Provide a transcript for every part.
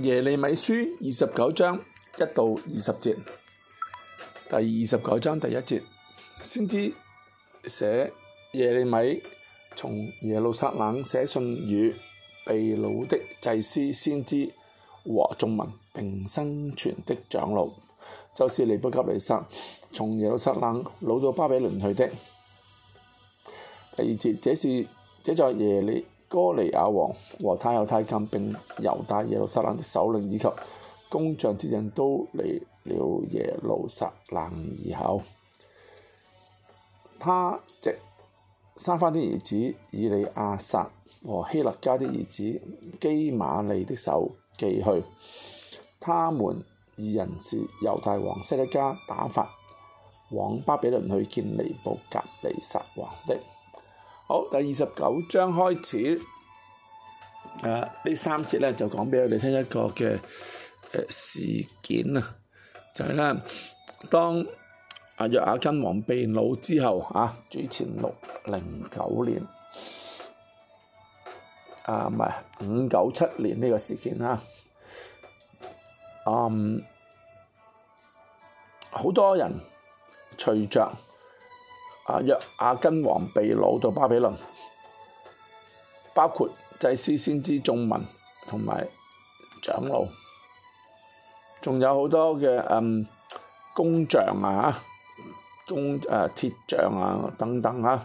耶利米書二十九章一到二十節，第二十九章第一節，先知寫耶利米從耶路撒冷寫信與被擄的祭司先知和眾民並生存的長老，就是尼布甲尼撒從耶路撒冷擄到巴比倫去的。第二節這是這在耶利。哥尼亞王和太后太監，並猶大耶路撒冷的首領以及工匠鐵匠都離了耶路撒冷以後。他藉沙番的兒子以利亞撒和希勒家的兒子基瑪利的手寄去，他們二人是猶大王西底家打發往巴比倫去見尼布甲尼撒王的。好，第二十九章開始，誒、啊、呢三節咧就講俾我哋聽一個嘅誒、呃、事件、就是、啊，就係咧當阿約雅斤王被擄之後啊，主前六零九年啊，唔係五九七年呢個事件啊，嗯，好多人隨着。啊約阿根王被擄到巴比倫，包括祭司、先知、眾民同埋長老，仲有好多嘅嗯工匠啊，工誒、啊、鐵匠啊等等啊，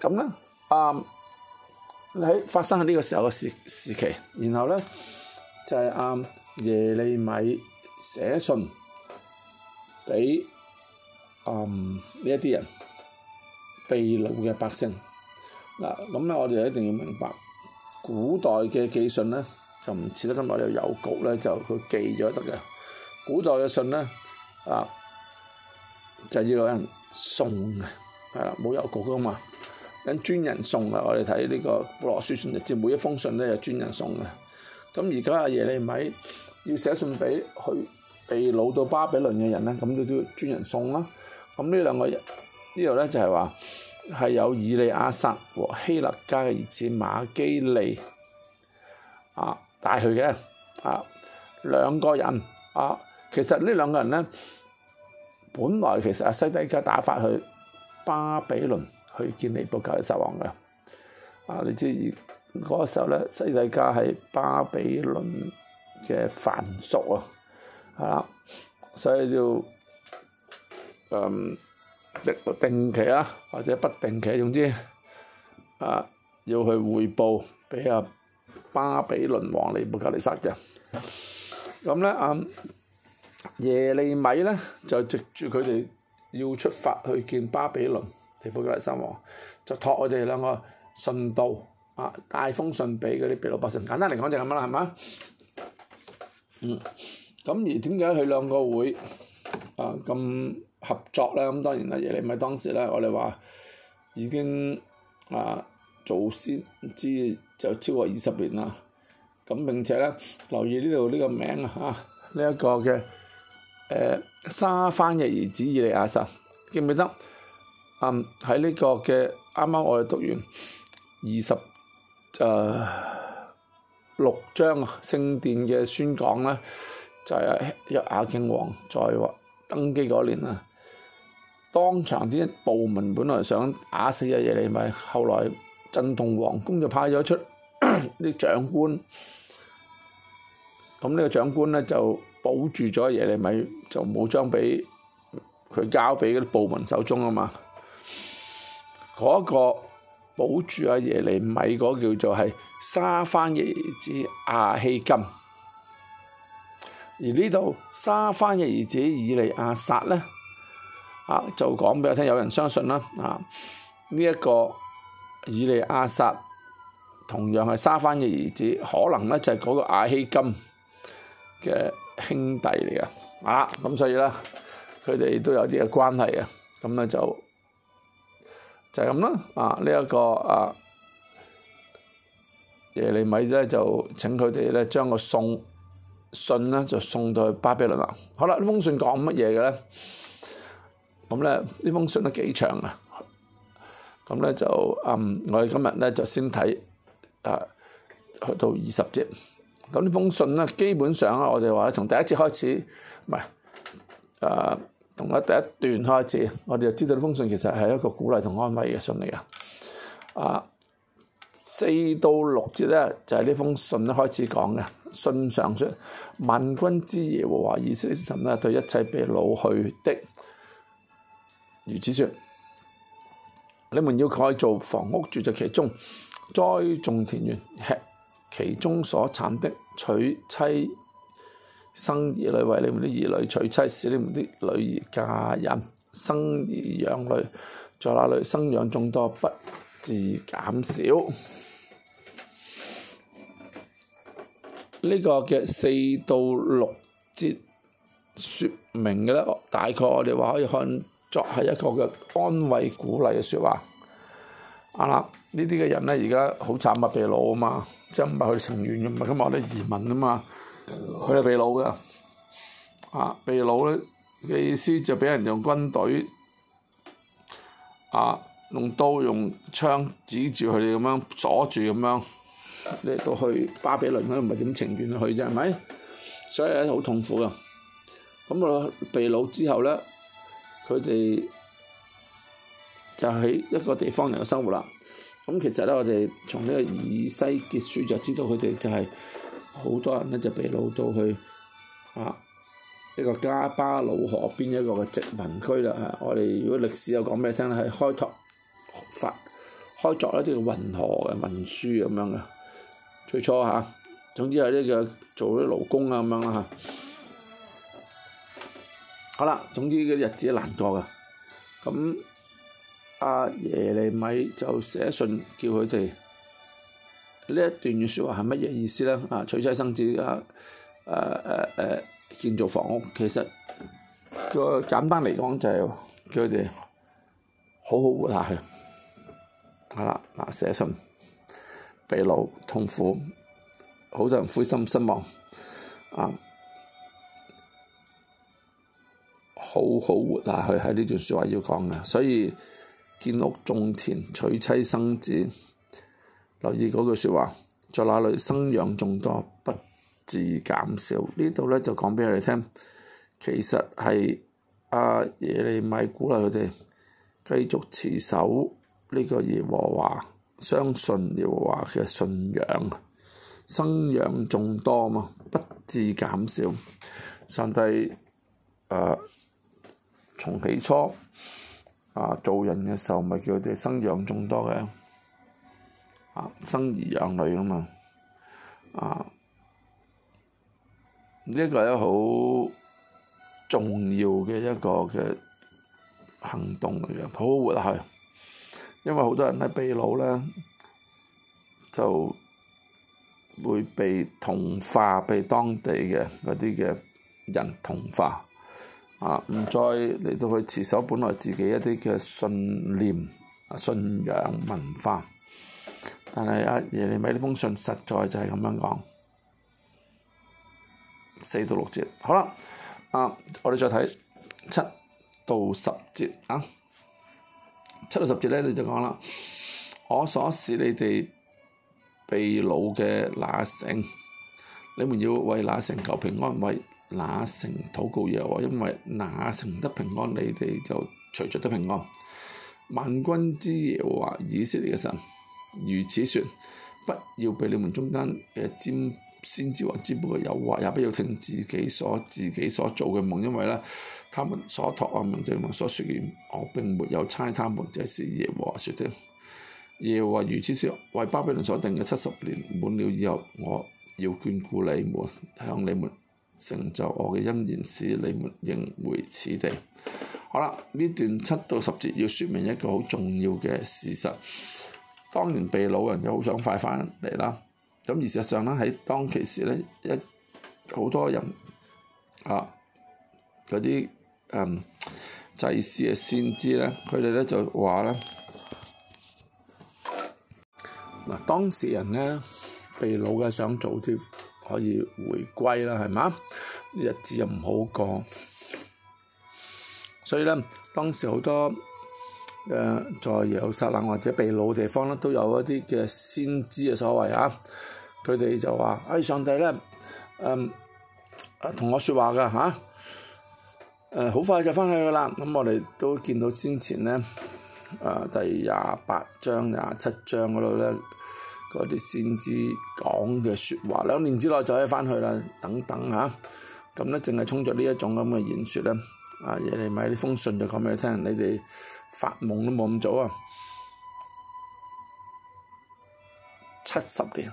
咁呢，啊、嗯、喺發生喺呢個時候嘅時時期，然後呢，就係、是、啊、嗯、耶利米寫信畀。嗯，呢一啲人被擄嘅百姓，嗱咁咧，我哋就一定要明白，古代嘅寄信咧就唔似得今日有郵局咧就佢寄咗得嘅，古代嘅信咧啊，就是、要有人送嘅，係啦，冇郵局噶嘛，等專人送啊！我哋睇呢個《保羅書信》，直接每一封信咧有專人送嘅。咁而家耶利米你咪要寫信俾去被擄到巴比倫嘅人咧，咁你都要專人送啦。咁呢兩個呢度咧就係話係有以利亞薩和希勒家嘅兒子馬基利啊帶去嘅啊兩個人啊，其實呢兩個人咧，本來其實阿西底家打發去巴比倫去見尼布甲尼撒王嘅啊，你知嗰、那個時候咧，西底家係巴比倫嘅藩屬啊，係啦，所以就。誒，一個定期啊，或者不定期，總之，啊，要去匯報俾阿巴比倫王尼布甲尼撒嘅。咁咧，阿耶利米咧就藉住佢哋要出發去見巴比倫尼布甲尼撒王，就託佢哋兩個信道啊，帶封信俾嗰啲被擄百姓。簡單嚟講就咁樣啦，係嘛？嗯，咁而點解佢兩個會啊咁？合作啦，咁當然啦，耶利米當時咧，我哋話已經啊，早先知就超過二十年啦。咁並且咧，留意呢度呢個名啊，呢、這、一個嘅誒、啊、沙翻嘅兒子以利亞撒，記唔記得？嗯、剛剛啊，喺呢個嘅啱啱我哋讀完二十誒六章聖殿嘅宣講咧，就係、是、約雅敬王在喎，登基嗰年啊，當場啲部民本來想打死阿耶利米，後來朕同皇宮就派咗出啲長官，咁呢個長官咧就保住咗阿耶利米，就冇將俾佢交俾嗰啲部民手中啊嘛，嗰個保住阿耶利米嗰叫做係沙番易之阿希金。而呢度沙番嘅兒子以利亞撒咧，啊，就講俾我聽，有人相信啦，啊，呢一個以利亞撒同樣係沙番嘅兒子，可能咧就係嗰個亞希金嘅兄弟嚟嘅，就是這個，啊，咁所以咧佢哋都有啲嘅關係嘅，咁咧就就係咁啦。啊，呢一個啊耶利米咧就請佢哋咧將個送。信咧就送到去巴比倫啦。好啦，呢封信講乜嘢嘅咧？咁咧呢封信都幾長啊？咁咧就嗯，我哋今日咧就先睇，啊，去到二十節。咁呢封信咧，基本上啊，我哋話咧從第一節開始，唔係，誒，從一第一段開始，我哋就知道呢封信其實係一個鼓勵同安慰嘅信嚟嘅啊。四到六節咧，就係、是、呢封信開始講嘅。信上説：萬軍之耶和華以色列神咧，對一切被擄去的如此説：你們要改造房屋住在其中，栽種田園，吃其中所產的，娶妻生兒女，為你們啲兒女娶妻，使你們啲女兒嫁人，生兒養女，在那裏生養眾多，不自減少。呢、這個嘅四到六節説明嘅咧，大概我哋話可以看作係一個嘅安慰鼓勵嘅説話。啊啦，呢啲嘅人咧，而家好慘啊！被擄啊嘛，即係唔係佢情願嘅，唔係咁啊，啲移民啊嘛，佢哋被擄嘅。啊，被擄咧嘅意思就俾人用軍隊啊，用刀用槍指住佢哋咁樣鎖住咁樣。你到去巴比倫咧，唔係點情願去啫？係咪？所以咧好痛苦啊！咁啊，被擄之後咧，佢哋就喺一個地方嚟嘅生活啦。咁其實咧，我哋從呢個以西結書就知道佢哋就係好多人咧，就被擄到去啊呢個加巴魯河邊一個嘅殖民區啦。我哋如果歷史又講俾你聽咧，係開拓發開作一啲叫運河嘅文書咁樣嘅。最初嚇，總之係呢就做啲勞工啊咁樣啦嚇。好啦，總之嗰啲日子難過嘅。咁阿耶利米就寫信叫佢哋呢一段嘅説話係乜嘢意思咧？啊，娶妻生子啊，誒誒誒，建造房屋，其實個簡單嚟講就係、是、叫佢哋好好活下去。係啦，嗱寫信。疲勞痛苦，好多人灰心失望，啊，好好活下去喺呢段説話要講嘅，所以建屋種田、娶妻生子，留意嗰句説話，在哪裏生養眾多，不至減少。呢度咧就講俾佢哋聽，其實係阿、啊、耶利米鼓勵佢哋繼續持守呢個耶和華。相信嘅話嘅信仰，生養眾多嘛，不至減少。上帝誒、呃、從起初啊，造、呃、人嘅時候咪叫佢哋生養眾多嘅，啊、呃、生兒養女啊嘛，啊呢個係好重要嘅一個嘅行動嚟嘅，好活去。因為好多人喺被擄呢，就會被同化，被當地嘅嗰啲嘅人同化，啊唔再嚟到去持守本來自己一啲嘅信念、信仰文化。但係啊耶利米呢封信實在就係咁樣講，四到六節。好啦，啊我哋再睇七到十節啊。七到十節咧，你就講啦，我所使你哋被擄嘅那城，你們要為那城求平安，為那城禱告耶和華，因為那城得平安，你哋就隨著得平安。萬軍之耶和華以色列嘅神如此説：不要被你們中間嘅占」。先知還接報嘅誘惑，也不要聽自己所自己所做嘅夢，因為呢，他們所託啊，明族們所説言，我並沒有差他們，這是耶和華説的。耶和華如此説：為巴比倫所定嘅七十年滿了以後，我要眷顧你們，向你們成就我嘅恩言，使你們迎回此地。好啦，呢段七到十節要説明一個好重要嘅事實。當年，被擄人又好想快返嚟啦。咁而事實上咧，喺當其時咧，一好多人啊，嗰啲、嗯、祭司嘅先知咧，佢哋咧就話咧，嗱，當時人咧，被擄嘅想早啲可以回歸啦，係嘛？日子又唔好過，所以咧，當時好多誒、呃、在耶路撒冷或者被擄地方咧，都有一啲嘅先知嘅所謂啊。佢哋就話：哎，上帝呢？誒、嗯，同我説話噶嚇，誒、啊，好、呃、快就翻去噶啦。咁我哋都見到先前呢，誒、啊，第廿八章、廿七章嗰度呢，嗰啲先知講嘅説話，兩年之內就可以翻去啦。等等嚇，咁呢淨係衝著呢一種咁嘅言説呢。啊，耶利米呢封信就講畀佢聽，你哋發夢都冇咁早啊，七十年。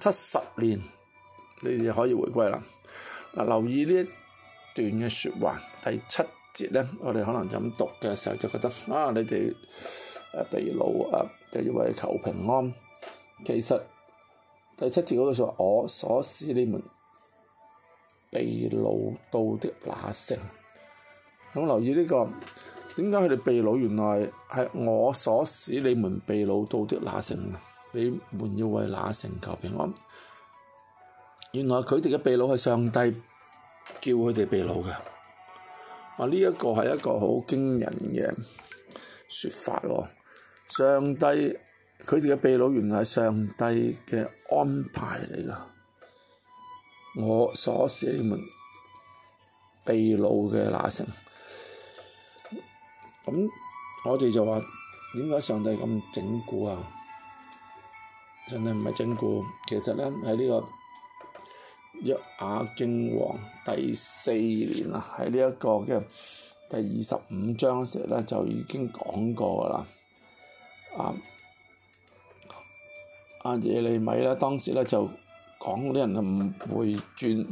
七十年，你哋可以回歸啦。留意呢一段嘅説話，第七節呢，我哋可能就咁讀嘅時候，就覺得啊，你哋誒被擄啊，就要、是、為求平安。其實第七節嗰句就話我所使你們被擄到的那城。咁留意呢、這個點解佢哋被擄？原來係我所使你們被擄到的那城。你們要為那城求平安？原來佢哋嘅被擄係上帝叫佢哋被擄嘅，啊呢一個係一個好驚人嘅說法喎！上帝佢哋嘅被擄原來係上帝嘅安排嚟噶，我所寫你們被擄嘅那城？咁我哋就話：點解上帝咁整蠱啊？真係唔係真故，其實咧喺呢個約雅敬王第四年啊，喺呢一個嘅第二十五章嗰時咧，就已經講過啦。啊啊耶利米啦，當時咧就講啲人唔會轉、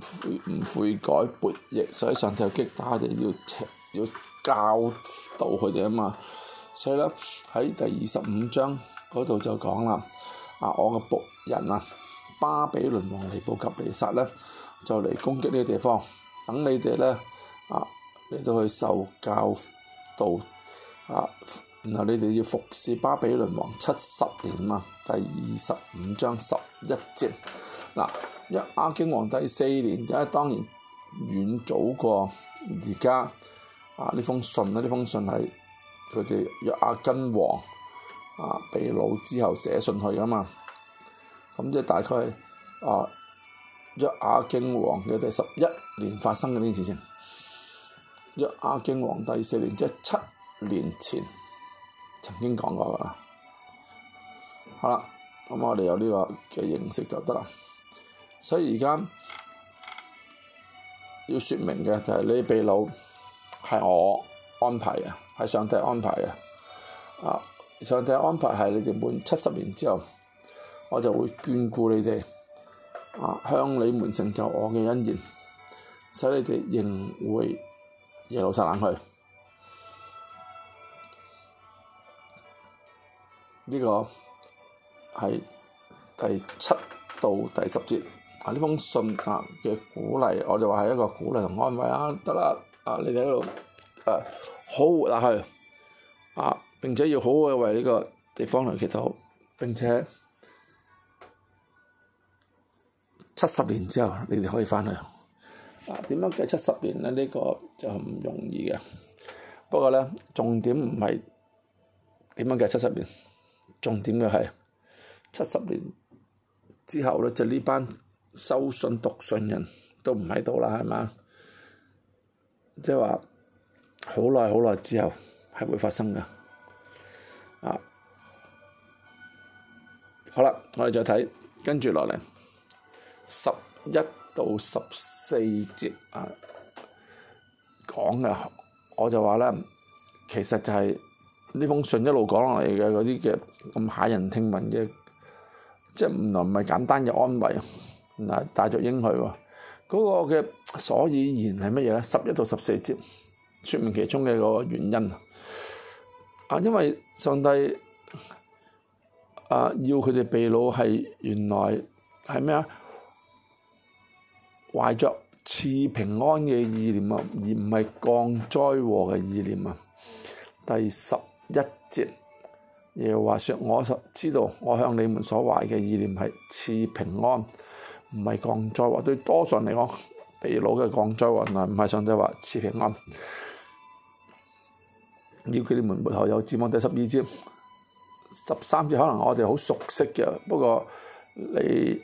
唔悔改、叛逆，所以上帝就擊打佢哋，要要教導佢哋啊嘛。所以咧喺第二十五章嗰度就講啦。啊！我嘅僕人啊，巴比倫王尼布甲尼撒咧，就嚟攻擊呢個地方。等你哋咧，啊嚟到去受教導啊，然後你哋要服侍巴比倫王七十年啊，第二十五章十一節。嗱、啊，約雅敬王第四年，因為當然遠早過而家。啊！呢封信咧、啊，呢封信係佢哋約雅斤王。啊！秘魯之後寫信去噶嘛？咁即係大概啊，約亞敬王嘅第十一年發生嘅呢件事情。約亞敬王第四年，即係七年前曾經講過噶啦。好啦，咁我哋有呢個嘅認識就得啦。所以而家要説明嘅就係呢，秘魯係我安排嘅，係上帝安排嘅啊。上帝的安排係你哋滿七十年之後，我就會眷顧你哋，啊，向你們成就我嘅恩典，使你哋仍回耶路撒冷去。呢個係第七到第十節啊，呢封信啊嘅鼓勵，我就話係一個鼓勵同安慰啊，得啦，啊，你哋喺度啊，好活下去。並且要好好為呢個地方嚟祈禱。並且七十年之後，你哋可以翻嚟。啊，點樣計七十年咧？呢個就唔容易嘅。不過咧，重點唔係點樣計七十年，重點嘅係七十年之後咧，就呢班收信讀信人都唔喺度啦，係嘛？即係話好耐好耐之後，係會發生㗎。啊、好啦，我哋再睇，跟住落嚟十一到十四節啊講嘅，我就話咧，其實就係呢封信一路講落嚟嘅嗰啲嘅咁嚇人聽聞嘅，即係唔能唔係簡單嘅安慰，嗱帶着應許喎，嗰、那個嘅所以然係乜嘢咧？十一到十四節，説明其中嘅個原因。啊，因為上帝啊要佢哋被擄係原來係咩啊？懷著賜平安嘅意念啊，而唔係降災禍嘅意念啊。第十一節，耶和華話說：我實知道我向你們所懷嘅意念係賜平安，唔係降災禍。對多數人嚟講，被擄嘅降災禍啊，唔係上帝話賜平安。要佢哋末後有指望。第十二節、十三節，可能我哋好熟悉嘅。不過你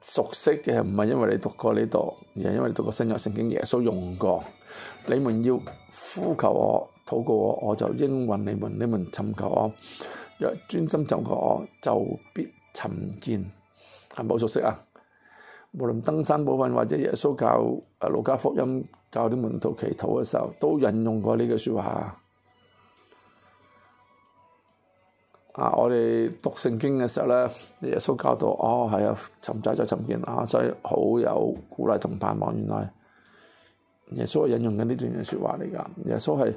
熟悉嘅唔係因為你讀過呢度，而係因為你讀過新約聖經，耶穌用過。你們要呼求我、禱告我，我就應允你們；你們尋求我，若專心尋求我，就必尋見。係咪好熟悉啊？無論登山寶訓或者耶穌教啊，路加福音教啲門徒祈禱嘅時候，都引用過呢句説話啊！啊，我哋讀聖經嘅時候咧，耶穌教導，哦，係啊，尋找就尋見啊，所以好有鼓勵同盼望。原來耶穌係引用緊呢段嘅説話嚟㗎，耶穌係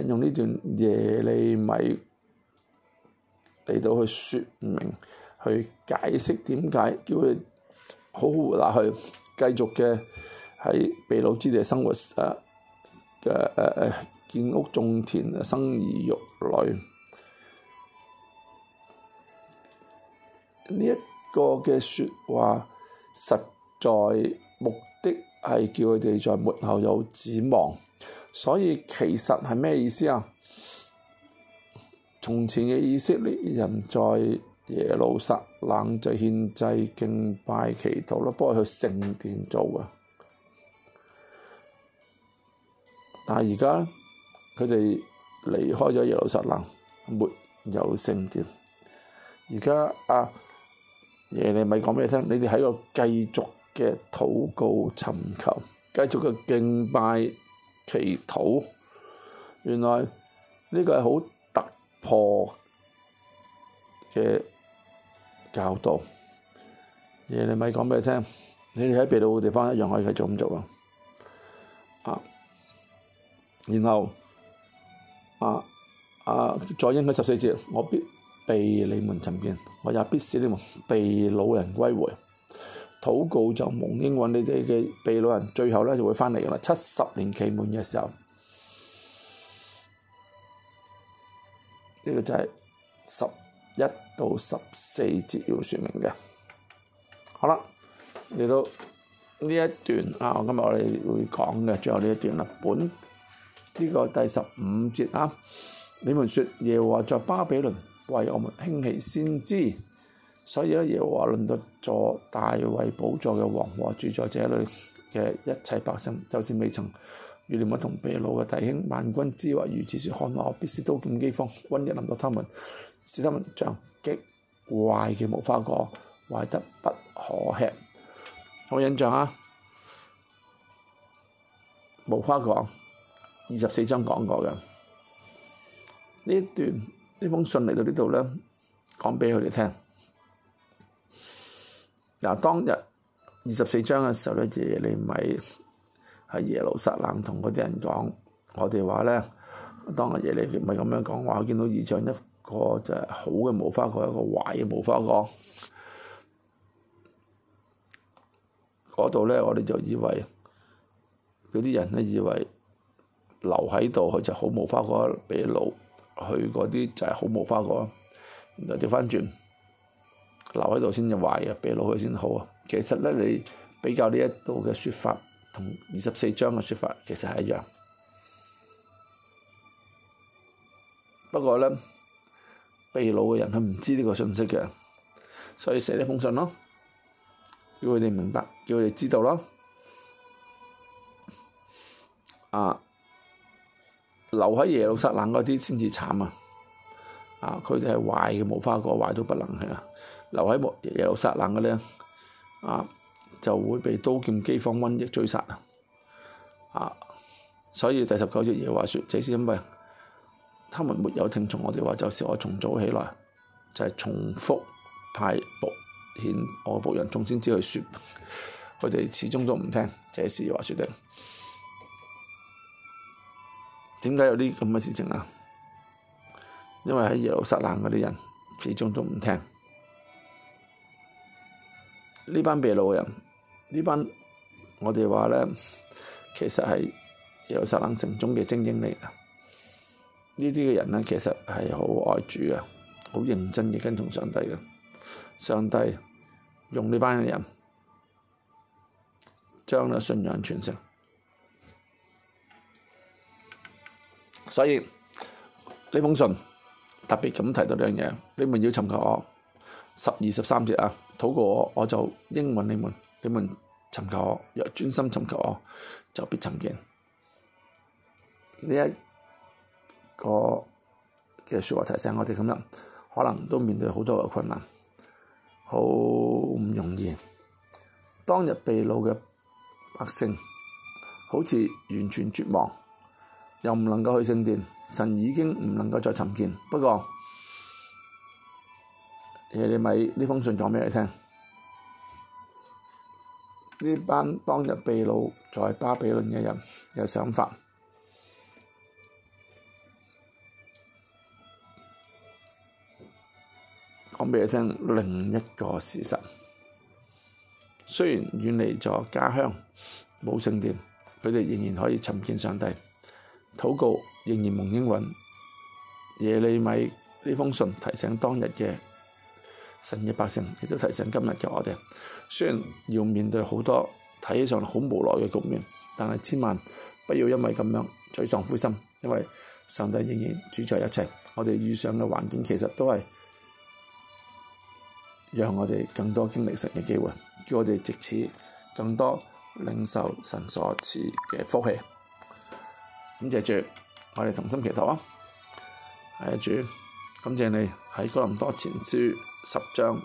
引用呢段耶利米嚟到去説明、去解釋點解叫你。好好活下去繼續嘅喺秘魯之地生活，誒誒誒誒建屋種田生兒育女。呢、這、一個嘅説話，實在目的係叫佢哋在末後有指望。所以其實係咩意思啊？從前嘅以色列人在。耶路撒冷就獻祭、敬拜、祈禱咯，幫佢去聖殿做啊！但係而家佢哋離開咗耶路撒冷，沒有聖殿。而家啊，耶利米講俾你聽，你哋喺度繼續嘅禱告、尋求、繼續嘅敬拜、祈禱。原來呢個係好突破嘅。教導嘢，你咪講俾佢聽。你哋喺被擄嘅地方一樣可以繼續咁做啊！啊，然後啊啊，再應佢十四節，我必被你們尋見，我也必使你們被擄人歸回。禱告就蒙應允，你哋嘅被擄人最後呢就會翻嚟嘅啦。七十年期滿嘅時候，呢個就係十一。到十四節要説明嘅，好啦，嚟到呢一段啊。今日我哋會講嘅最後呢一段啦。本呢、這個第十五節啊，你們説耶和華在巴比倫為我們興起先知，所以咧耶和華論到坐大衛寶座嘅王和住在這裏嘅一切百姓，就算未曾與你們同被擄嘅弟兄萬軍之王，如此説：看我必使刀劍、饑荒、瘟疫臨到他們，使他們像……極壞嘅無花果，壞得不可吃。我印象啊，無花果二十四章講過嘅，呢段呢封信嚟到呢度咧，講俾佢哋聽。嗱，當日二十四章嘅時候咧，耶利米喺耶路撒冷同嗰啲人講：我哋話咧，當日耶利米咁樣講話，見到異象一。一個就係好嘅無花果，一個壞嘅無花果。嗰度咧，我哋就以為嗰啲人咧，以為留喺度佢就好無花果，俾擄去嗰啲就係好無花果。然後掉翻轉，留喺度先至壞嘅，俾擄去先好啊。其實咧，你比較呢一度嘅説法同二十四章嘅説法，其實係一樣。不過咧。被擄嘅人，佢唔知呢個信息嘅，所以寫呢封信咯，叫佢哋明白，叫佢哋知道咯。啊，留喺耶路撒冷嗰啲先至慘啊！啊，佢哋係壞嘅無花果，壞到不能係啊。留喺耶路撒冷嘅咧，啊就會被刀劍饑荒瘟疫追殺啊！啊，所以第十九節嘢話説，即係咁樣。他們沒有聽從我哋話，就是我從早起來，就係、是、重複派遣我僕人眾先知去說，佢哋始終都唔聽，這是話說的。點解有啲咁嘅事情啊？因為喺耶路撒冷嗰啲人始終都唔聽，呢班被擄嘅人，呢班我哋話呢，其實係耶路撒冷城中嘅精英嚟嘅。呢啲嘅人咧，其實係好愛主嘅，好認真嘅跟從上帝嘅。上帝用呢班嘅人，將呢信仰傳承。所以呢封信特別咁提到兩樣嘢，你們要尋求我，十二十三節啊，禱告我，我就應允你們。你們尋求我，若專心尋求我，就必尋見。呢一個嘅說話提醒我哋咁樣，可能都面對好多嘅困難，好唔容易。當日被擄嘅百姓，好似完全絕望，又唔能夠去聖殿，神已經唔能夠再尋見。不過，耶利米呢封信講畀你聽，呢班當日被擄在巴比倫嘅人嘅想法。講畀你聽另一個事實，雖然遠離咗家鄉，冇聖殿，佢哋仍然可以尋見上帝，禱告仍然蒙應允。耶利米呢封信提醒當日嘅神嘅百姓，亦都提醒今日嘅我哋。雖然要面對好多睇起上嚟好無奈嘅局面，但係千萬不要因為咁樣沮喪灰心，因為上帝仍然主宰一切。我哋遇上嘅環境其實都係。讓我哋更多經歷神嘅機會，叫我哋藉此更多領受神所賜嘅福氣。感謝主，我哋同心祈禱啊！阿主，感謝你喺哥林多前書十章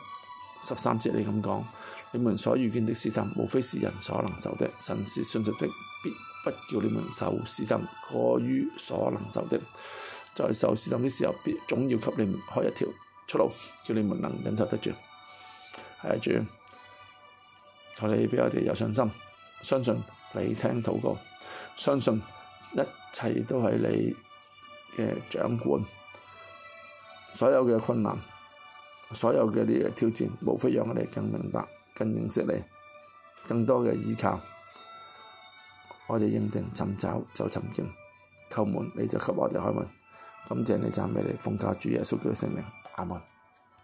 十三節你咁講：你們所遇見的試探，無非是人所能受的；神是信實的，必不叫你們受試探過於所能受的。在受試探的時候，必總要給你們開一條出路，叫你們能忍受得住。主，求你俾我哋有信心，相信你聽禱告，相信一切都係你嘅掌管，所有嘅困難，所有嘅呢個挑戰，無非讓我哋更明白、更認識你，更多嘅依靠。我哋認定尋找就尋見，叩門你就給我哋開門。感謝你讚美你奉救主耶穌基督的聖名，阿門。